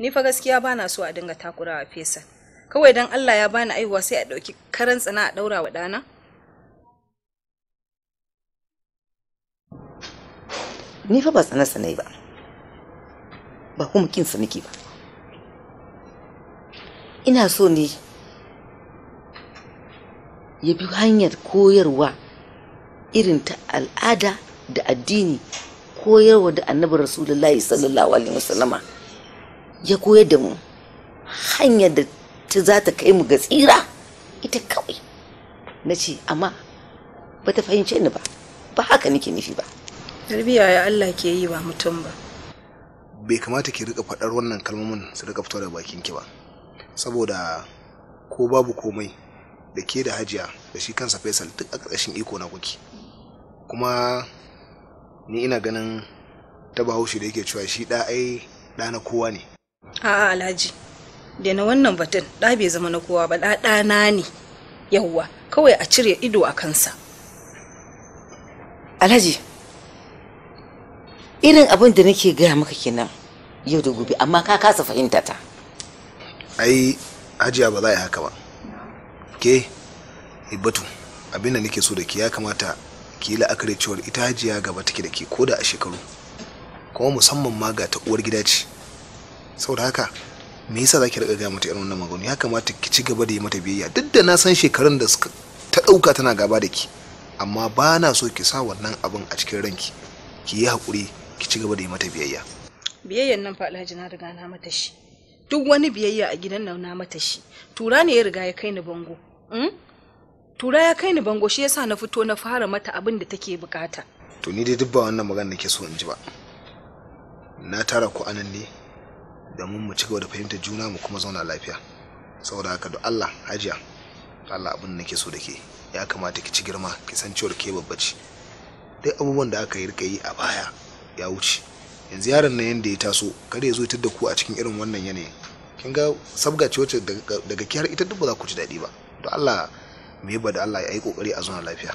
ni fa gaskiya ba na so a dinga takurawa fesa kawai dan Allah ya bani aiwa sai a ɗauki karan tsana a ɗaura wa ɗana ni fa ba tsana sanai ba ba kuma kinsa nake ba ina so ne ya bi hanyar koyarwa irin ta al'ada da addini koyarwa da annabi rasulullahi sallallahu alaihi wasallama ya koyar da mu hanyar da ta za ta kai mu ga tsira ita kawai na ce amma ba ta fahimce ni ba ba haka nake nufi ba tarbiya ya Allah ke yi ba mutum ba bai kamata ki rika faɗar wannan kalmomin su rika fito da bakin ki ba saboda ko babu komai da ke da hajiya da shi kansa faisal duk a ƙarƙashin iko na kuki kuma ni ina ganin ta bahaushe da yake cewa shi ɗa ai ɗa na kowa ne a'a alhaji da na wannan batun ɗa bai zama na kowa ba na ne yawwa kawai a cire ido a kansa alhaji irin abin da nake gaya maka kenan yau da gobe amma ka kasa fahimta ta ai hajiya ba za a yi haka ba ke ibatu abin da nake so da ke ya kamata ki yi la'akari cewar ita hajiya gaba take da ke koda a shekaru kuma musamman ma ga ta uwar gida ce saboda haka me yasa zaki riga ga mata irin wannan magana ya kamata ki ci gaba da yi mata biyayya duk da na san shekarun da suka ta dauka tana gaba da ki amma ba na so ki sa wannan abin a cikin ranki ki yi hakuri ki ci gaba da yi mata biyayya biyayyan nan fa Alhaji na riga na mata shi duk wani biyayya a gidan nan na mata shi tura ne ya riga ya kai ni bango hmm? tura ya kai ni bango shi yasa na fito na fara mata abin da take bukata to ni dai duk ba wannan magana nake so in ji ba na tara ku anan ne domin mu ci gaba da fahimtar juna mu kuma zauna lafiya saboda haka da Allah hajiya Allah abin da nake so da ke ya kamata ki ci girma ki san cewa ke babbaci duk abubuwan da aka yi rika yi a baya ya wuce yanzu yaron nan yanda ya taso kada ya zo tar da ku a cikin irin wannan yanayin kin ga sabga ce wacce daga kiyar ita duk ba za ku ji daɗi ba to Allah me ba da Allah ya yi kokari a zauna lafiya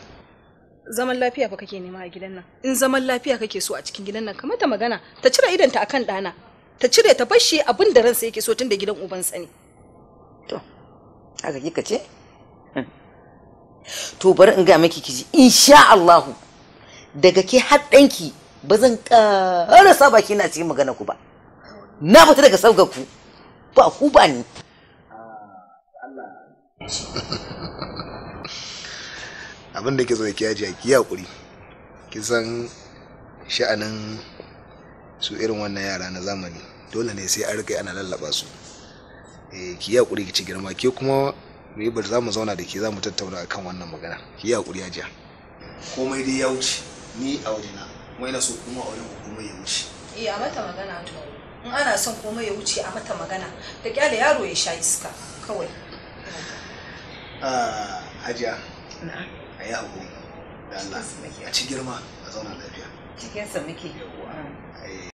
zaman lafiya fa kake nema a gidan nan in zaman lafiya kake so a cikin gidan nan kamar ta magana ta cire idanta akan ɗana ta cire ta bashi abin da ransa yake so tun da gidan ubansa ne to haka kika ce to bari in ga miki kiji insha Allahu daga ke haddanki ba zan ƙara sa baki na cikin magana ku ba na fita daga sauga ku ba ku ba ni abin da ke zo ki yaji ki hakuri kin san sha'anin su irin wannan yara na zamani dole ne sai an rika ana lallaba su eh, ki ya hakuri ki ci girma ke kuma me bar za mu zauna da ke za mu tattauna akan wannan magana ki ya hakuri ya ja komai dai ya wuce ni a na mai na so kuma a wajen kuma ya wuce eh a mata magana to in ana son komai ya wuce a mata magana da kyale yaro ya sha iska kawai ah hajiya na'am ayi hakuri da Allah a ci girma a zauna lafiya cikin sa muke